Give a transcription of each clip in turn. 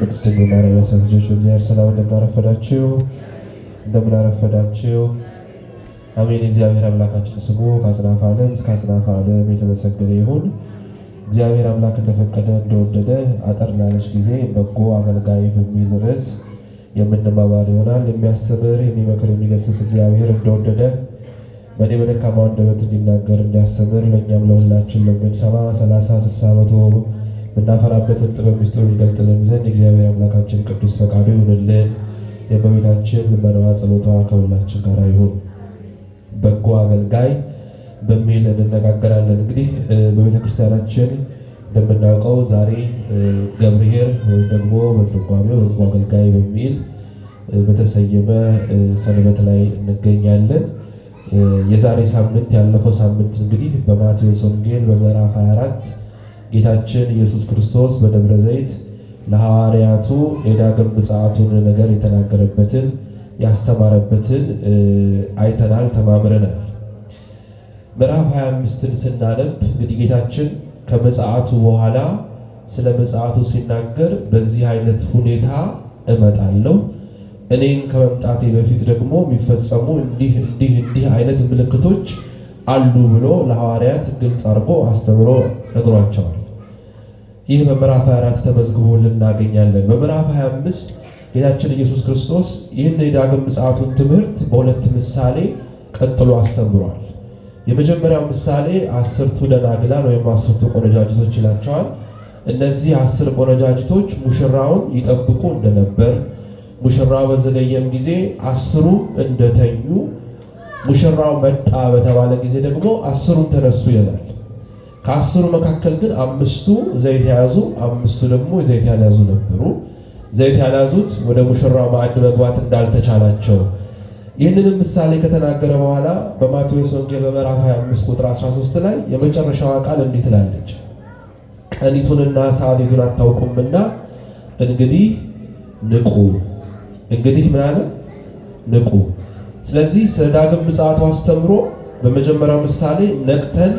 ቅድስት ማርያም የሰው ልጆች እግዚአብሔር ሰላም እንደማረፈዳችሁ እንደምናረፈዳችሁ አሜን። እግዚአብሔር አምላካችን ስሙ ከአጽናፈ ዓለም እስከ አጽናፈ ዓለም የተመሰገነ ይሁን። እግዚአብሔር አምላክ እንደፈቀደ እንደወደደ አጠር ላለች ጊዜ በጎ አገልጋይ በሚል ርዕስ የምንማማር ይሆናል። የሚያስተምር የሚመክር፣ የሚገስጽ እግዚአብሔር እንደወደደ በእኔ በደካማው አንደበት እንዲናገር እንዲያስተምር ለእኛም ለሁላችን ለምንሰማ ሰላሳ ስልሳ መቶ እናፈራበትን ጥበብ ምስጢሩን ይገልጥልን ዘንድ እግዚአብሔር አምላካችን ቅዱስ ፈቃዱ ይሁንልን። የእመቤታችን ልመናዋ ጸሎቷ ከሁላችን ጋር ይሁን። በጎ አገልጋይ በሚል እንነጋገራለን። እንግዲህ በቤተክርስቲያናችን እንደምናውቀው ዛሬ ገብርኄር ወይም ደግሞ በትርጓሜው በጎ አገልጋይ በሚል በተሰየመ ሰንበት ላይ እንገኛለን። የዛሬ ሳምንት ያለፈው ሳምንት እንግዲህ በማቴዎስ ወንጌል በምዕራፍ 24 ጌታችን ኢየሱስ ክርስቶስ በደብረ ዘይት ለሐዋርያቱ የዳግም ምጽአቱን ነገር የተናገረበትን ያስተማረበትን አይተናል፣ ተማምረናል። ምዕራፍ 25ን ስናነብ እንግዲህ ጌታችን ከምጽአቱ በኋላ ስለ ምጽአቱ ሲናገር በዚህ አይነት ሁኔታ እመጣለሁ፣ እኔም ከመምጣቴ በፊት ደግሞ የሚፈጸሙ እንዲህ እንዲህ እንዲህ አይነት ምልክቶች አሉ ብሎ ለሐዋርያት ግልጽ አድርጎ አስተምሮ ነግሯቸዋል። ይህ በምዕራፍ 24 ተመዝግቦ እናገኛለን። በምዕራፍ 25 ጌታችን ኢየሱስ ክርስቶስ ይህን የዳግም ምጽአቱን ትምህርት በሁለት ምሳሌ ቀጥሎ አስተምሯል። የመጀመሪያው ምሳሌ አስርቱ ደናግላን ወይም አስርቱ ቆነጃጅቶች ይላቸዋል። እነዚህ አስር ቆነጃጅቶች ሙሽራውን ይጠብቁ እንደነበር፣ ሙሽራው በዘገየም ጊዜ አስሩ እንደተኙ፣ ሙሽራው መጣ በተባለ ጊዜ ደግሞ አስሩን ተነሱ ይላል። ከአስሩ መካከል ግን አምስቱ ዘይት የያዙ አምስቱ ደግሞ ዘይት ያልያዙ ነበሩ። ዘይት ያልያዙት ወደ ሙሽራው ማዕድ መግባት እንዳልተቻላቸው ይህንንም ምሳሌ ከተናገረ በኋላ በማቴዎስ ወንጌል በምዕራፍ 25 ቁጥር 13 ላይ የመጨረሻዋ ቃል እንዲህ ትላለች፣ ቀኒቱንና ሰዓቲቱን አታውቁምና እንግዲህ ንቁ። እንግዲህ ምናለ ንቁ። ስለዚህ ስለ ዳግም ምጽአቱ አስተምሮ በመጀመሪያው ምሳሌ ነቅተን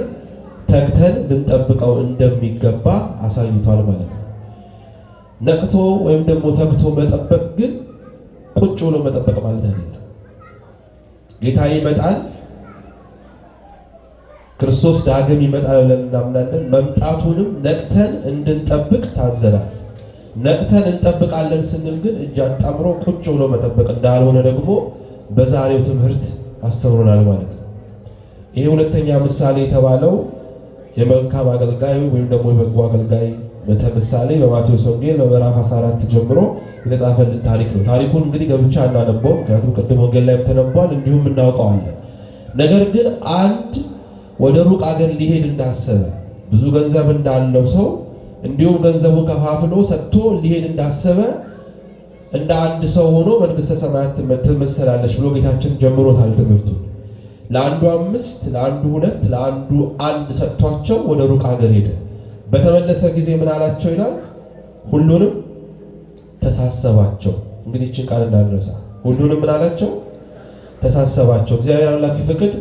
ተክተን ልንጠብቀው እንደሚገባ አሳይቷል ማለት ነው። ነቅቶ ወይም ደግሞ ተክቶ መጠበቅ ግን ቁጭ ብሎ መጠበቅ ማለት አይደለም። ጌታ ይመጣል፣ ክርስቶስ ዳግም ይመጣል ብለን እናምናለን። መምጣቱንም ነቅተን እንድንጠብቅ ታዘናል። ነቅተን እንጠብቃለን ስንል ግን እጅ አጣምሮ ቁጭ ብሎ መጠበቅ እንዳልሆነ ደግሞ በዛሬው ትምህርት አስተምሮናል ማለት ነው። ይሄ ሁለተኛ ምሳሌ የተባለው የመልካም አገልጋይ ወይም ደግሞ የበጎ አገልጋይ በተምሳሌ በማቴዎስ ወንጌል በምዕራፍ 14 ጀምሮ የተጻፈልን ታሪክ ነው። ታሪኩን እንግዲህ ገብቻ እናነበው፣ ምክንያቱም ቅድም ወንጌል ላይ ተነቧል፣ እንዲሁም እናውቀዋለን። ነገር ግን አንድ ወደ ሩቅ አገር ሊሄድ እንዳሰበ ብዙ ገንዘብ እንዳለው ሰው እንዲሁም ገንዘቡ ከፋፍሎ ሰጥቶ ሊሄድ እንዳሰበ እንደ አንድ ሰው ሆኖ መንግሥተ ሰማያት ትመስላለች ብሎ ጌታችን ጀምሮታል ትምህርቱ ለአንዱ አምስት ለአንዱ ሁለት ለአንዱ አንድ ሰጥቷቸው ወደ ሩቅ ሀገር ሄደ። በተመለሰ ጊዜ ምን አላቸው ይላል? ሁሉንም ተሳሰባቸው። እንግዲህ ይህችን ቃል እንዳንረሳ፣ ሁሉንም ምን አላቸው? ተሳሰባቸው። እግዚአብሔር አምላክ ይፈቅድ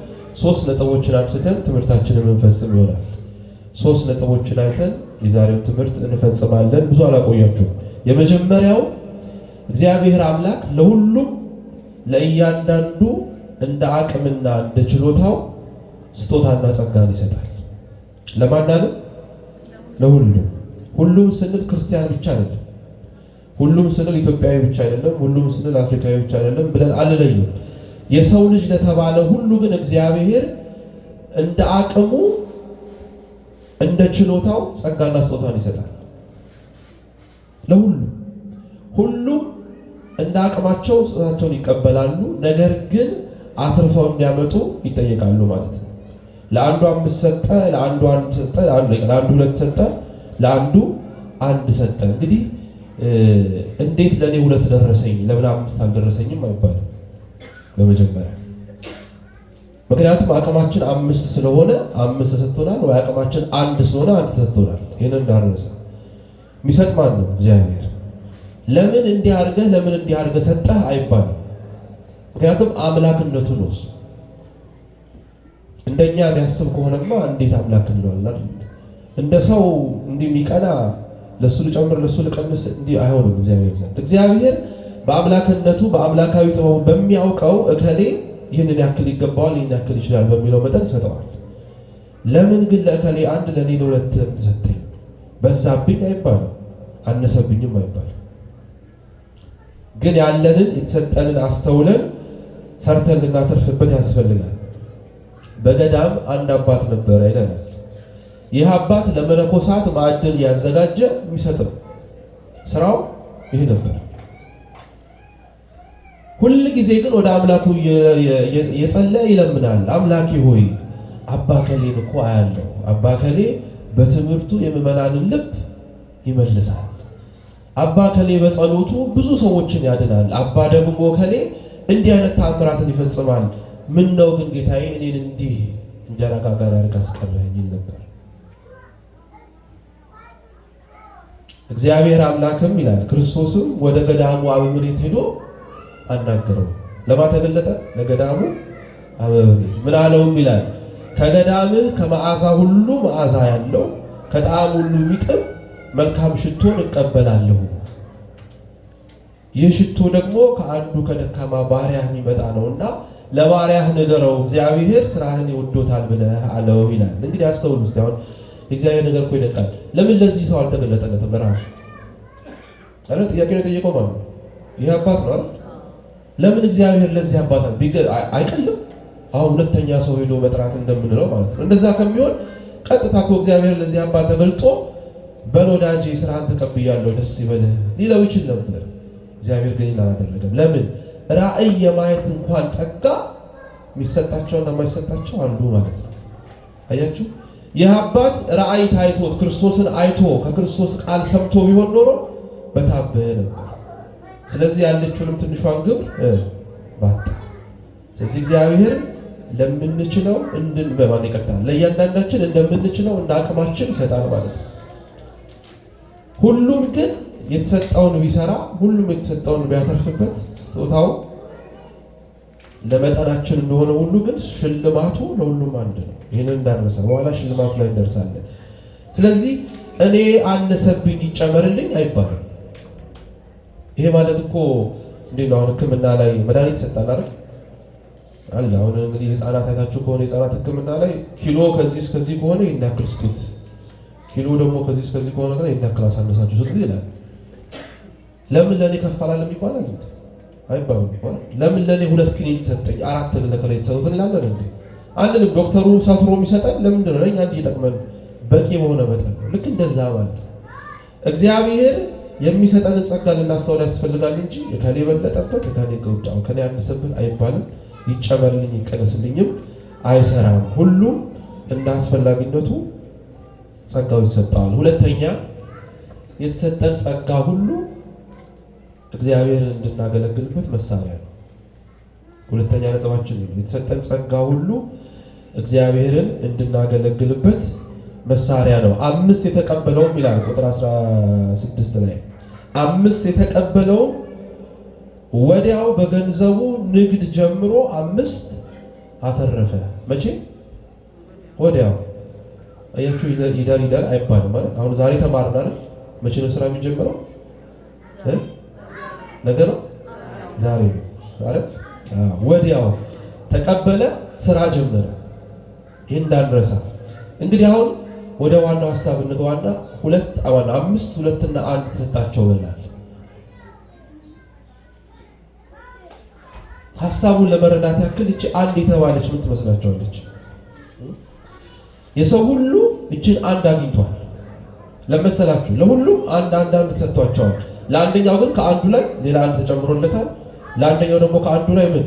ሶስት ነጥቦችን አንስተን ትምህርታችንን እንፈጽም ይሆናል። ሶስት ነጥቦችን አይተን የዛሬው ትምህርት እንፈጽማለን። ብዙ አላቆያችሁም። የመጀመሪያው እግዚአብሔር አምላክ ለሁሉም ለእያንዳንዱ እንደ አቅምና እንደ ችሎታው ስጦታና ጸጋን ይሰጣል። ለማናለ ለሁሉም ሁሉም ስንል ክርስቲያን ብቻ አይደለም። ሁሉም ስንል ኢትዮጵያዊ ብቻ አይደለም። ሁሉም ስንል አፍሪካዊ ብቻ አይደለም ብለን አልለዩ የሰው ልጅ ለተባለ ሁሉ ግን እግዚአብሔር እንደ አቅሙ እንደ ችሎታው ጸጋና ስጦታን ይሰጣል። ለሁሉም ሁሉም እንደ አቅማቸው ስጦታቸውን ይቀበላሉ። ነገር ግን አትርፈው እንዲያመጡ ይጠየቃሉ ማለት ነው። ለአንዱ አምስት ሰጠ፣ ለአንዱ አንድ ሰጠ፣ ለአንዱ ሁለት ሰጠ፣ ለአንዱ አንድ ሰጠ። እንግዲህ እንዴት ለእኔ ሁለት ደረሰኝ ለምን አምስት አልደረሰኝም አይባልም በመጀመሪያ ምክንያቱም አቅማችን አምስት ስለሆነ አምስት ተሰጥቶናል፣ ወይ አቅማችን አንድ ስለሆነ አንድ ተሰጥቶናል። ይህን እንዳረሰ የሚሰጥ ማን ነው? እግዚአብሔር። ለምን እንዲህ አድርገህ ለምን እንዲህ አድርገህ ሰጠህ አይባልም። ምክንያቱም አምላክነቱ ነው እሱ። እንደኛ የሚያስብ ከሆነማ እንዴት አምላክ እንለዋለን? እንደ ሰው እንዲህ የሚቀና ለእሱ ልጨምር ለእሱ ልቀንስ እንዲህ አይሆንም። እግዚአብሔር ዘንድ እግዚአብሔር በአምላክነቱ በአምላካዊ ጥበቡ በሚያውቀው እከሌ ይህንን ያክል ይገባዋል፣ ይህን ያክል ይችላል በሚለው መጠን ይሰጠዋል። ለምን ግን ለእከሌ አንድ ለእኔ ለሁለት ተሰጠኝ? በዛብኝ አይባልም፣ አነሰብኝም አይባልም። ግን ያለንን የተሰጠንን አስተውለን ሰርተን ልናተርፍበት ያስፈልጋል። በገዳም አንድ አባት ነበረ ይለናል። ይህ አባት ለመነኮሳት ማዕድን ያዘጋጀ የሚሰጥ ነው። ስራው ይህ ነበር። ሁል ጊዜ ግን ወደ አምላኩ የጸለ ይለምናል። አምላኬ ሆይ አባከሌን እኮ አያለው። አባከሌ በትምህርቱ የምዕመናንን ልብ ይመልሳል። አባከሌ በጸሎቱ ብዙ ሰዎችን ያድናል። አባ ደግሞ ከሌ እንዲህ አይነት ታምራትን ይፈጽማል። ምን ነው ግን ጌታዬ እኔን እንዲህ እንጀራ ጋጋሪ አድርግ አስቀረኝ ነበር። እግዚአብሔር አምላክም ይላል ክርስቶስም ወደ ገዳሙ አበምኔት ሄዶ አናገረው። ለማ ተገለጠ ለገዳሙ አበምኔት ምን አለውም ይላል ከገዳምህ ከመዓዛ ሁሉ መዓዛ ያለው ከጣዕም ሁሉ የሚጥም መልካም ሽቶን እቀበላለሁ ይህ ሽቶ ደግሞ ከአንዱ ከደካማ ባሪያህ የሚመጣ ነውና ለባሪያህ ንገረው፣ እግዚአብሔር ስራህን ይወዶታል ብለህ አለው ይላል። እንግዲህ አስተውሉ እስኪ። አሁን እግዚአብሔር ነገር እኮ ይደቃል። ለምን ለዚህ ሰው አልተገለጠለትም? ለራሱ ጥያቄ ነው የጠየቀው ማለት ነው። ይህ አባት ነው ለምን እግዚአብሔር ለዚህ አባት አይቀልም? አሁን ሁለተኛ ሰው ሄዶ መጥራት እንደምንለው ማለት ነው። እንደዛ ከሚሆን ቀጥታ እኮ እግዚአብሔር ለዚህ አባት ተገልጦ በል ስራን ተቀብያለሁ፣ ደስ ይበልህ ሊለው ይችል ነበር። እግዚአብሔር ግን ይህን አላደረገም። ለምን? ራእይ የማየት እንኳን ጸጋ የሚሰጣቸውና የማይሰጣቸው አንዱ ማለት ነው። አያችሁ፣ ይህ አባት ራእይ ታይቶ ክርስቶስን አይቶ ከክርስቶስ ቃል ሰምቶ ቢሆን ኖሮ በታበየ ነበር። ስለዚህ ያለችውንም ትንሿን ግብር ባጣ። ስለዚህ እግዚአብሔር ለምንችለው እንድን በማን ይቀርታል ለእያንዳንዳችን እንደምንችለው እንደ አቅማችን ይሰጣል ማለት ነው። ሁሉም ግን የተሰጠውን ቢሰራ ሁሉም የተሰጠውን ቢያተርፍበት ስጦታው ለመጠናችን እንደሆነ ሁሉ ግን ሽልማቱ ለሁሉም አንድ ነው። ይህንን እንዳንረሳ፣ በኋላ ሽልማቱ ላይ እንደርሳለን። ስለዚህ እኔ አነሰብኝ ይጨመርልኝ አይባልም። ይሄ ማለት እኮ እንዴ ነው? አሁን ሕክምና ላይ መድኃኒት ይሰጣል አይደል? አለ አሁን እንግዲህ ህፃናት አይታችሁ ከሆነ የህፃናት ሕክምና ላይ ኪሎ ከዚህ እስከዚህ ከሆነ ይናክል ስጡት፣ ኪሎ ደግሞ ከዚህ እስከዚህ ከሆነ ይናክል አሳነሳችሁ ስጡት ይላል። ለምን ለእኔ ከፍ የሚባል ይባላል እንዴ? አይባልም። ለምን ለእኔ ሁለት ክኒን ሰጠኝ አራት ለከለ የተሰሩትን ላለን እንዴ? አንድ ዶክተሩ ሰፍሮ የሚሰጠን ለምንድን ነው? አንድ ይጠቅመን በቂ በሆነ መጠን ልክ እንደዛ ማለት እግዚአብሔር የሚሰጠንን ጸጋ ልናስተውል ያስፈልጋል እንጂ የከኔ የበለጠበት የከኔ ገውዳው ከኔ ያነሰበት አይባልም። ይጨመርልኝ ይቀነስልኝም አይሰራም። ሁሉም እንደ አስፈላጊነቱ ጸጋው ይሰጠዋል። ሁለተኛ የተሰጠን ጸጋ ሁሉ እግዚአብሔር እንድናገለግልበት መሳሪያ ነው። ሁለተኛ ነጥባችን የተሰጠን ጸጋ ሁሉ እግዚአብሔርን እንድናገለግልበት መሳሪያ ነው። አምስት የተቀበለውም ይላል ቁጥር 16 ላይ አምስት የተቀበለውም ወዲያው በገንዘቡ ንግድ ጀምሮ አምስት አተረፈ። መቼ? ወዲያው። አያችሁ፣ ይደር ይደር አይባልም ማለት አሁን ዛሬ ተማርን አይደል? መቼ ነው ስራ የሚጀምረው? ነገ ነው ዛሬ ነው። ወዲያው ተቀበለ፣ ስራ ጀመረ። ይህ እንዳንረሳ እንግዲህ አሁን ወደ ዋናው ሀሳብ እንገባና ሁለት አባል አምስት ሁለትና አንድ ተሰጣቸው ብለናል። ሀሳቡን ለመረዳት ያክል እቺ አንድ የተባለች ምን ትመስላችኋለች? የሰው ሁሉ እችን አንድ አግኝቷል ለመሰላችሁ። ለሁሉም አንድ አንድ አንድ ተሰጥቷቸዋል። ለአንደኛው ግን ከአንዱ ላይ ሌላ አንድ ተጨምሮለታል። ለአንደኛው ደግሞ ከአንዱ ላይ ምን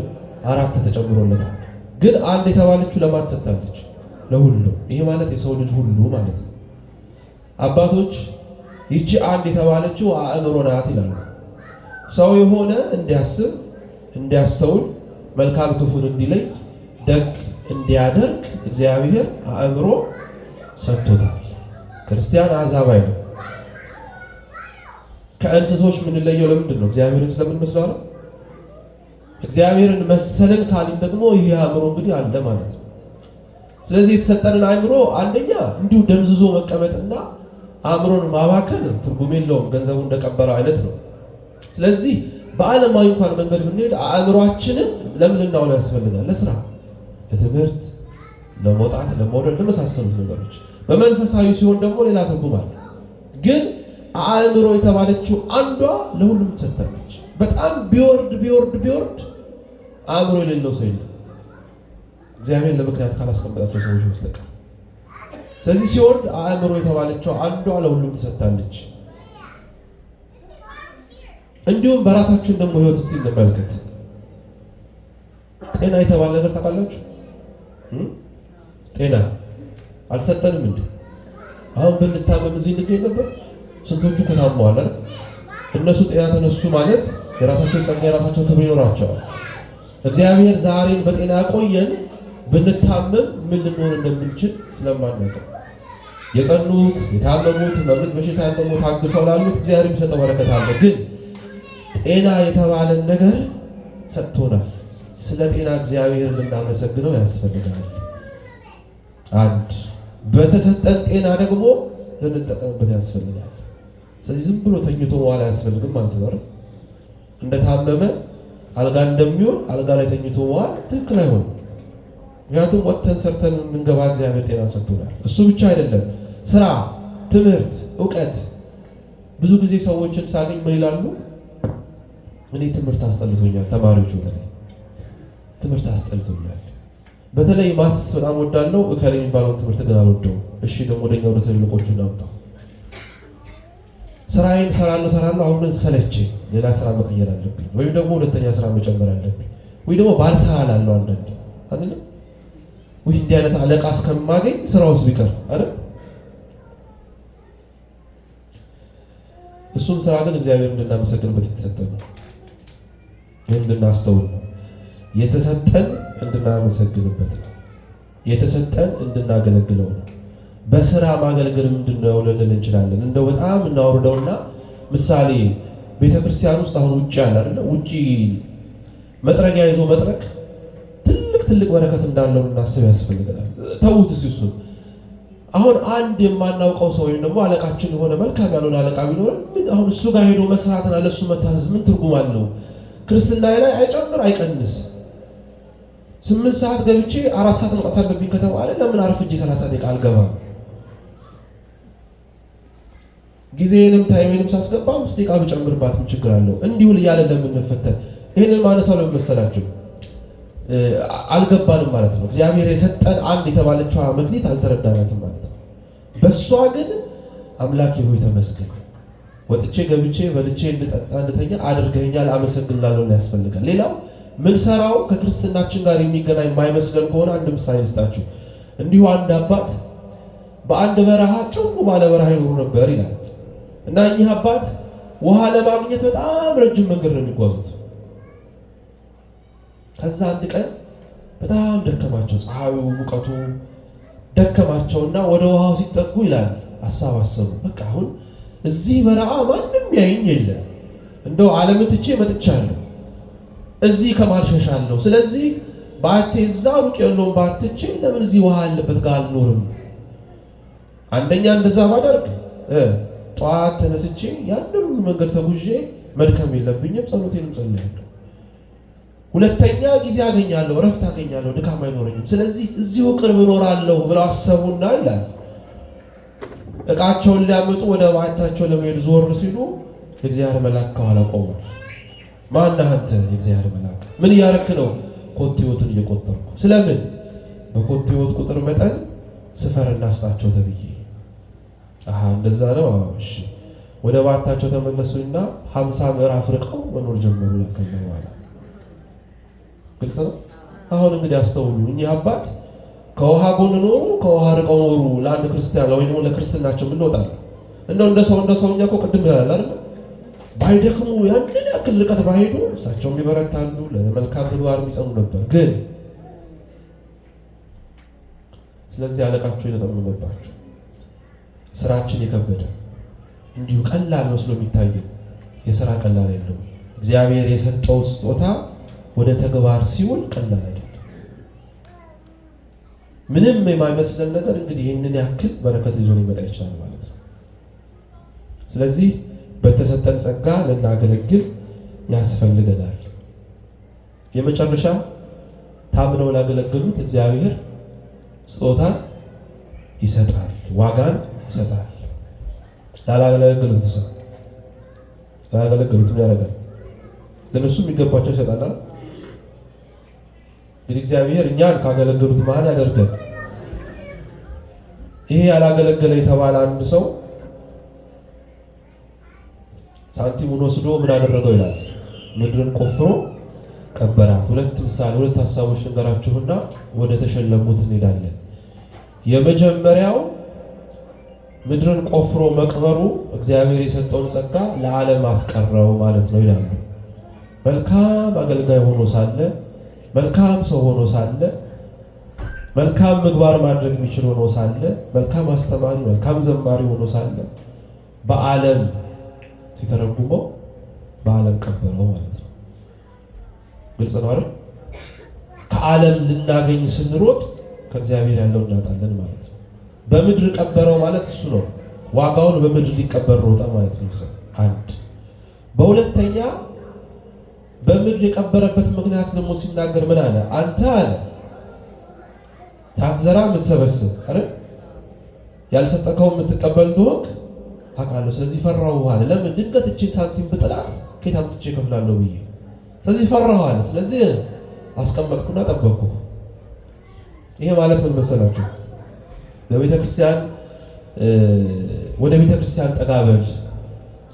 አራት ተጨምሮለታል። ግን አንድ የተባለችው ለማን ሰጣለች? ለሁሉ። ይሄ ማለት የሰው ልጅ ሁሉ ማለት ነው። አባቶች ይቺ አንድ የተባለችው አእምሮ ናት ይላሉ። ሰው የሆነ እንዲያስብ እንዲያስተውል፣ መልካም ክፉን እንዲለይ፣ ደግ እንዲያደርግ እግዚአብሔር አእምሮ ሰጥቶታል። ክርስቲያን አዛባይ ነው። ከእንስሶች የምንለየው ለምንድን ነው? እግዚአብሔርን ስለምንመስለው ነው። እግዚአብሔርን መሰልን ካልን ደግሞ ይህ አእምሮ እንግዲህ አለ ማለት ነው። ስለዚህ የተሰጠንን አእምሮ አንደኛ እንዲሁ ደምዝዞ መቀመጥና አእምሮን ማባከል ትርጉም የለውም፣ ገንዘቡ እንደቀበረው አይነት ነው። ስለዚህ በዓለማዊ እንኳን መንገድ ብንሄድ አእምሯችንን ለምን ልናውለው ያስፈልጋል? ለስራ፣ ለትምህርት፣ ለመውጣት፣ ለመውረድ፣ ለመሳሰሉት ነገሮች። በመንፈሳዊ ሲሆን ደግሞ ሌላ ትርጉም አለ ግን አእምሮ የተባለችው አንዷ ለሁሉም ተሰጥታለች። በጣም ቢወርድ ቢወርድ ቢወርድ አእምሮ የሌለው ሰው የለም እግዚአብሔር ለምክንያት ካላስቀመጣቸው ሰዎች በስተቀር። ስለዚህ ሲወርድ አእምሮ የተባለችው አንዷ ለሁሉም ተሰጥታለች። እንዲሁም በራሳችን ደግሞ ህይወት እስቲ እንመልከት። ጤና የተባለ ነገር ታውቃላችሁ? ጤና አልሰጠንም እንዴ? አሁን ብንታመም እዚህ እንገኝ ነበር? ስንቶቹ ከታመዋል። እነሱ ጤና ተነሱ ማለት የራሳቸው ጸጋ፣ የራሳቸው ክብር ይኖራቸዋል። እግዚአብሔር ዛሬን በጤና ያቆየን ብንታመም ምን ልንሆን እንደምንችል ስለማናውቅ የጸኑት የታመሙት መምት በሽታ ያለሙ ታግሰው ላሉት እግዚአብሔር የሚሰጠው በረከት አለ። ግን ጤና የተባለን ነገር ሰጥቶናል። ስለ ጤና እግዚአብሔር ልናመሰግነው ያስፈልጋል። አንድ በተሰጠን ጤና ደግሞ ልንጠቀምበት ያስፈልጋል። ስለዚህ ዝም ብሎ ተኝቶ መዋል አያስፈልግም ማለት ነው። እንደታመመ አልጋ እንደሚሆን አልጋ ላይ ተኝቶ መዋል ትክክል አይሆንም። ምክንያቱም ወጥተን ሰርተን እንገባ እግዚአብሔር ጤና ሰጥቶናል። እሱ ብቻ አይደለም፣ ስራ፣ ትምህርት፣ እውቀት። ብዙ ጊዜ ሰዎችን ሳገኝ ምን ይላሉ? እኔ ትምህርት አስጠልቶኛል። ተማሪዎች በተለይ ትምህርት አስጠልቶኛል። በተለይ ማትስ በጣም ወዳለው እከሌ የሚባለውን ትምህርት ግን አልወደውም። እሺ ደግሞ ወደኛ ወደ ትልቆቹ እናምጣው ስራዬን እሰራለሁ እሰራለሁ፣ አሁን ግን ሰለቸኝ፣ ሌላ ስራ መቀየር አለብኝ፣ ወይም ደግሞ ሁለተኛ ስራ መጨመር አለብኝ፣ ወይ ደግሞ ባልሰራ እላለሁ። አንዳንዴ አይደል ወይ እንዲህ አይነት አለቃ እስከማገኝ ስራ ውስጥ ቢቀር አይደል እሱም ስራ ግን እግዚአብሔር እንድናመሰግንበት የተሰጠ ነው። ይህ እንድናስተውል ነው የተሰጠን፣ እንድናመሰግንበት ነው የተሰጠን፣ እንድናገለግለው ነው። በስራ ማገልገል ነው ልንል እንችላለን። እንደው በጣም እናወርደውና ምሳሌ ቤተክርስቲያን ውስጥ አሁን ውጭ ያለ አይደለ ውጭ መጥረጊያ ይዞ መጥረግ ትልቅ ትልቅ በረከት እንዳለው እናስብ ያስፈልገናል። ተዉት ሲሱ አሁን አንድ የማናውቀው ሰው ወይም ደግሞ አለቃችን የሆነ መልካም ያልሆነ አለቃ ቢኖር አሁን እሱ ጋር ሄዶ መስራትና ለእሱ መታዘዝ ምን ትርጉም አለው? ክርስትና ላይ አይጨምር አይቀንስ። ስምንት ሰዓት ገብቼ አራት ሰዓት መውጣት አለብኝ ከተባለ ለምን አርፍጄ ሰላሳ ደቂቃ አልገባም? ጊዜንም ታይሚንም ሳስገባ ስቴቃ ብጨምርባት ችግር አለው እንዲሁን እያለን ለምንፈተን ይህንን ነው ለመሰላችሁ አልገባንም ማለት ነው። እግዚአብሔር የሰጠን አንድ የተባለችው መክሊት አልተረዳናትም ማለት ነው። በእሷ ግን አምላኬ ሆይ ተመስገን፣ ወጥቼ ገብቼ በልቼ እንድጠጣ እንድተኛ አድርገኛል፣ አመሰግናለሁ እና ያስፈልጋል። ሌላው ምንሰራው ከክርስትናችን ጋር የሚገናኝ የማይመስለን ከሆነ አንድ ምሳሌ ልስጣችሁ። እንዲሁ አንድ አባት በአንድ በረሃ ጭሙ ባለ በረሃ ይኖሩ ነበር ይላል እና እኚህ አባት ውሃ ለማግኘት በጣም ረጅም መንገድ ነው የሚጓዙት። ከዛ አንድ ቀን በጣም ደከማቸው፣ ፀሐዩ፣ ሙቀቱ ደከማቸውና ወደ ውሃው ሲጠጉ ይላል አሳብ በቃ አሁን እዚህ በረሃ ማንም ያይኝ የለም እንደው ዓለምን ትቼ መጥቻለሁ። እዚህ ከማልሸሻለሁ። ስለዚህ በአቴ እዛ ሩቅ ያለውን በአትቼ ለምን እዚህ ውሃ ያለበት ጋር አልኖርም? አንደኛ እንደዛ ባደርግ ጠዋት ተነስቼ ያንን መንገድ ተጉዤ መድከም የለብኝም። ጸሎቴንም ጸልያለሁ። ሁለተኛ ጊዜ አገኛለሁ፣ እረፍት አገኛለሁ፣ ድካም አይኖረኝም። ስለዚህ እዚሁ ቅርብ እኖራለሁ ብለው አሰቡና ይላል እቃቸውን ሊያመጡ ወደ ባዕታቸው ለመሄድ ዞር ሲሉ እግዚአብሔር መልአክ ከኋላ ቆመ። ማነህ አንተ? የእግዚአብሔር መልአክ። ምን እያረክ ነው? ኮቴዎትን እየቆጠርኩ። ስለምን? በኮቴዎት ቁጥር መጠን ስፈር ስጣቸው ተብዬ እንደዛ ነው። እሺ ወደ ባታቸው ተመለሱና ሀምሳ ምዕራፍ ርቀው መኖር ጀመሩ። በኋላ ግልጽ ነው። አሁን እንግዲህ አስተውሉ። እኚህ አባት ከውሃ ጎን ኖሩ፣ ከውሃ ርቀው ኖሩ። ለአንድ ክርስቲያን ወይ ደግሞ ለክርስትናቸው ምን ለውጣል? እንደው እንደ ሰው እንደ ሰው እኛ እኮ ቅድም ይላል አይደል ባይደክሙ ያንን ያክል ርቀት ባይሄዱ እሳቸውም ይበረታሉ፣ ለመልካም ተግባር የሚጸኑ ነበር። ግን ስለዚህ አለቃቸው ይጠምባቸው ስራችን የከበደ እንዲሁ ቀላል መስሎ የሚታየ የስራ ቀላል አይደለም። እግዚአብሔር የሰጠው ስጦታ ወደ ተግባር ሲውል ቀላል አይደለም። ምንም የማይመስለን ነገር እንግዲህ ይህንን ያክል በረከት ይዞ ሊመጣ ይችላል ማለት ነው። ስለዚህ በተሰጠን ጸጋ ልናገለግል ያስፈልገናል። የመጨረሻ ታምነው ላገለገሉት እግዚአብሔር ስጦታ ይሰጣል ዋጋን ይሰጣል። ላላገለገሉት ይሰጣል። ላላገለገሉትም ያደርጋል። ለነሱ የሚገባቸው ይሰጣል። እንግዲህ እግዚአብሔር እኛን ካገለገሉት መሀል ያደርገን። ይሄ ያላገለገለ የተባለ አንድ ሰው ሳንቲሙን ወስዶ ምን አደረገው ይላል። ምድርን ቆፍሮ ቀበራት። ሁለት ምሳሌ ሁለት ሀሳቦች ነገራችሁና ወደ ተሸለሙት እንሄዳለን። የመጀመሪያው ምድርን ቆፍሮ መቅበሩ እግዚአብሔር የሰጠውን ጸጋ ለዓለም አስቀረው ማለት ነው ይላሉ። መልካም አገልጋይ ሆኖ ሳለ፣ መልካም ሰው ሆኖ ሳለ፣ መልካም ምግባር ማድረግ የሚችል ሆኖ ሳለ፣ መልካም አስተማሪ፣ መልካም ዘማሪ ሆኖ ሳለ በዓለም ሲተረጉመው በዓለም ቀበረው ማለት ነው። ግልጽ ነው አይደል? ከዓለም ልናገኝ ስንሮጥ ከእግዚአብሔር ያለው እናጣለን ማለት ነው። በምድር ቀበረው ማለት እሱ ነው። ዋጋውን በምድር ሊቀበር ሮጠ ማለት ነው። አንድ በሁለተኛ በምድር የቀበረበት ምክንያት ደግሞ ሲናገር ምን አለ? አንተ አለ ታትዘራ የምትሰበስብ አይደል? ያልሰጠከውን የምትቀበል እንደሆንክ አውቃለሁ። ስለዚህ ፈራሁ አለ። ለምን ድንገት እችን ሳንቲም ብጥላት ከየት አምጥቼ እከፍላለሁ ብዬ ስለዚህ ፈራሁ አለ። ስለዚህ አስቀመጥኩና ጠበቅኩ። ይሄ ማለት ምን መሰላችሁ? በቤተ ክርስቲያን ወደ ቤተ ክርስቲያን ጠጋ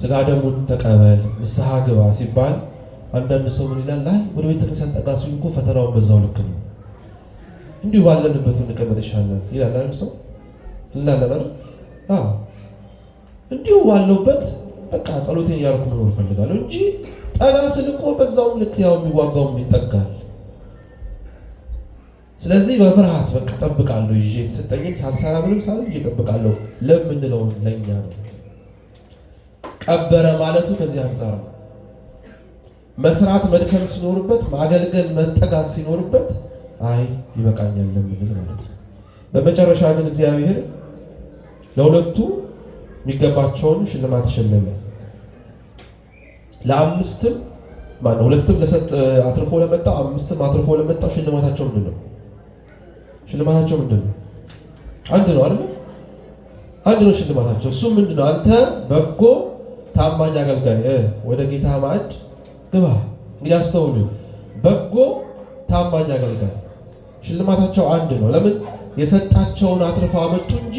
ስጋ ደሙን ተቀበል፣ ንስሐ ግባ ሲባል አንዳንድ ሰው ምን ይላል? አይ ወደ ቤተ ክርስቲያን ጠጋ ሲሉ እኮ ፈተናውን በዛው ልክ ነው፣ እንዲሁ ባለንበት እንቀመጥ ይሻላል ይላል አይደል? ሰው እንላለን። እንዲሁ ባለውበት በቃ ጸሎቴን እያልኩ መኖር እፈልጋለሁ እንጂ ጠጋ ስል እኮ በዛው ልክ ያው የሚዋጋው ይጠጋል ስለዚህ በፍርሃት በቃ እጠብቃለሁ። ይዤ የተሰጠኝን ሳልሰራ ምንም ሳልል እጠብቃለሁ። ለምንለው ለኛ ነው። ቀበረ ማለቱ ከዚህ አንጻር ነው። መስራት መድከም ሲኖርበት፣ ማገልገል መጠጋት ሲኖርበት አይ ይበቃኛል ለምንል ማለት ነው። በመጨረሻ ግን እግዚአብሔር ለሁለቱ የሚገባቸውን ሽልማት ሸለመ። ለአምስትም ማነው ሁለትም አትርፎ ለመጣው አምስትም አትርፎ ለመጣው ሽልማታቸው ምንድን ነው? ሽልማታቸው ምንድን ነው? አንድ ነው አይደል? አንድ ነው ሽልማታቸው። እሱ ምንድን ነው? አንተ በጎ ታማኝ አገልጋይ ወደ ጌታ ማዕድ ግባ። እንግዲህ አስተውሉ። በጎ ታማኝ አገልጋይ ሽልማታቸው አንድ ነው። ለምን የሰጣቸውን አትርፋ አመጡ እንጂ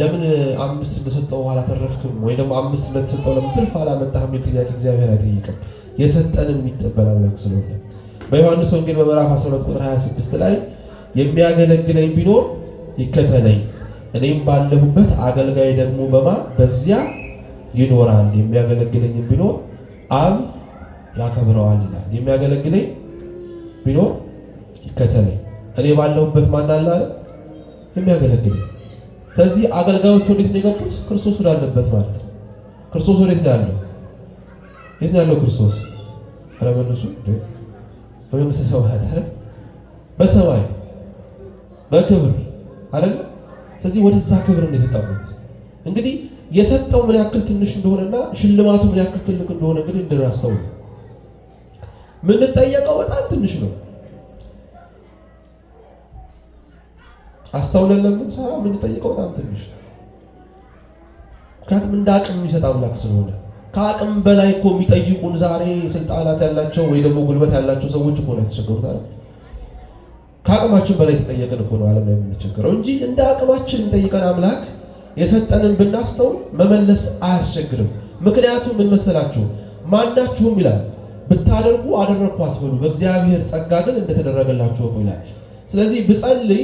ለምን አምስት እንደሰጠው ተረፍክም ወይ ደግሞ አምስት እንደተሰጠው ለምን ትርፍ አላመጣህም? ጥያቄ እግዚአብሔር አይጠይቅም። የሰጠንም የሚቀበል አምላክ ስለሆነ በዮሐንስ ወንጌል በምዕራፍ 12 ቁጥር 26 ላይ የሚያገለግለኝ ቢኖር ይከተለኝ፣ እኔም ባለሁበት አገልጋይ ደግሞ በማ በዚያ ይኖራል። የሚያገለግለኝ ቢኖር አብ ያከብረዋል ይላል። የሚያገለግለኝ ቢኖር ይከተለኝ፣ እኔ ባለሁበት ማን አለ አለ የሚያገለግለኝ። ስለዚህ አገልጋዮች ወዴት ነው የገቡት? ክርስቶስ ወዳለበት ማለት ነው። ክርስቶስ ወዴት ነው ያለው? የት ነው ያለው ክርስቶስ? ኧረ መልሱ በመንግስተ ሰማያት በሰማይ በክብር አይደለ? ስለዚህ ወደዛ ክብር ነው የተጠሩት። እንግዲህ የሰጠው ምን ያክል ትንሽ እንደሆነና ሽልማቱ ምን ያክል ትልቅ እንደሆነ እንግዲህ እንድናስተውል የምንጠየቀው በጣም ትንሽ ነው። አስተውለን ለምንሰራ የምንጠየቀው በጣም ትንሽ ነው። ምክንያቱም እንደ አቅም የሚሰጥ አምላክ ስለሆነ ከአቅም በላይ እኮ የሚጠይቁን ዛሬ ስልጣናት ያላቸው ወይ ደግሞ ጉልበት ያላቸው ሰዎች እኮ ነው የተቸገሩት አይደል? ከአቅማችን በላይ ተጠየቅን እኮ ነው ዓለም ላይ የምንቸገረው እንጂ እንደ አቅማችን እንጠይቀን አምላክ የሰጠንን ብናስተውል መመለስ አያስቸግርም። ምክንያቱም ምን መሰላችሁ? ማናችሁም ይላል ብታደርጉ አደረግኩ አትበሉ፣ በእግዚአብሔር ጸጋ ግን እንደተደረገላችሁ እኮ ይላል። ስለዚህ ብጸልይ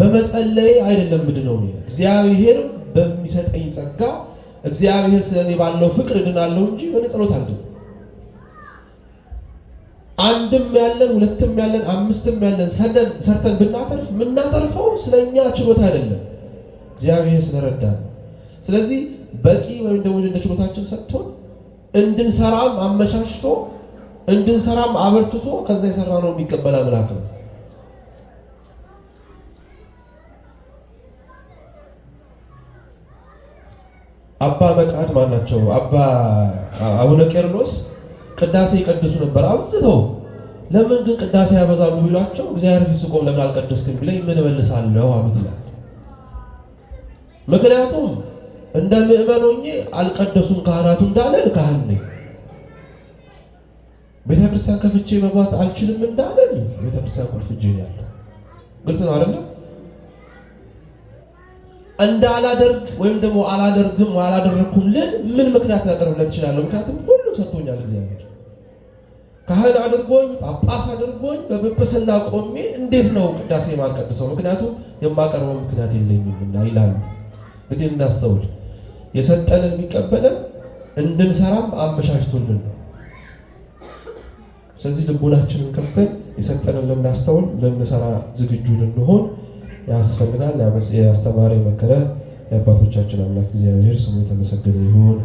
በመጸለይ አይደለም ምድነው እግዚአብሔር በሚሰጠኝ ጸጋ እግዚአብሔር ስለኔ ባለው ፍቅር እድናለሁ እንጂ እኔ ጸሎት አልድንም። አንድም ያለን ሁለትም ያለን አምስትም ያለን ሰደን ሰርተን ብናተርፍ የምናተርፈው ስለኛ ችሎታ አይደለም፣ እግዚአብሔር ስለረዳ ነው። ስለዚህ በቂ ወይም ደግሞ እንደ ችሎታችን ሰጥቶን እንድንሰራም አመቻችቶ እንድንሰራም አበርትቶ ከዛ የሰራ ነው የሚቀበል አምላክ ነው። አባ መቃድ ማናቸው? አባ አቡነ ቄርሎስ ቅዳሴ ይቀድሱ ነበር አብዝተው። ለምን ግን ቅዳሴ ያበዛሉ ቢሏቸው እግዚአብሔር ፊት ስቆም ለምን አልቀደስክም ቢለኝ ምን እመልሳለሁ አሉት ይላል። ምክንያቱም እንደ ምዕመን ሆኜ አልቀደሱም ካህናቱ እንዳለን ካህን ነኝ። ቤተክርስቲያን ከፍቼ መግባት አልችልም እንዳለን ቤተክርስቲያን ቁልፍጄ ያለው ግልጽ ነው አይደለም? እንዳላደርግ ወይም ደግሞ አላደርግም አላደረግኩም ልን ምን ምክንያት ላቀርብለት እችላለሁ? ምክንያቱም ሁሉም ሰጥቶኛል እግዚአብሔር ካህን አድርጎኝ ጳጳስ አድርጎኝ በጵጵስና ቆሜ እንዴት ነው ቅዳሴ የማቀድሰው? ምክንያቱም የማቀርበው ምክንያት የለኝምና ይላሉ። እንግዲህ እናስተውል። የሰጠንን የሚቀበለን እንድንሰራም አመሻሽቶልን ነው። ስለዚህ ልቡናችንን ከፍተን የሰጠንን ልናስተውል፣ ልንሰራ ዝግጁ ልንሆን ያስፈልጋል። የአስተማሪ የመከረ የአባቶቻችን አምላክ እግዚአብሔር ስሙ የተመሰገነ ይሁን።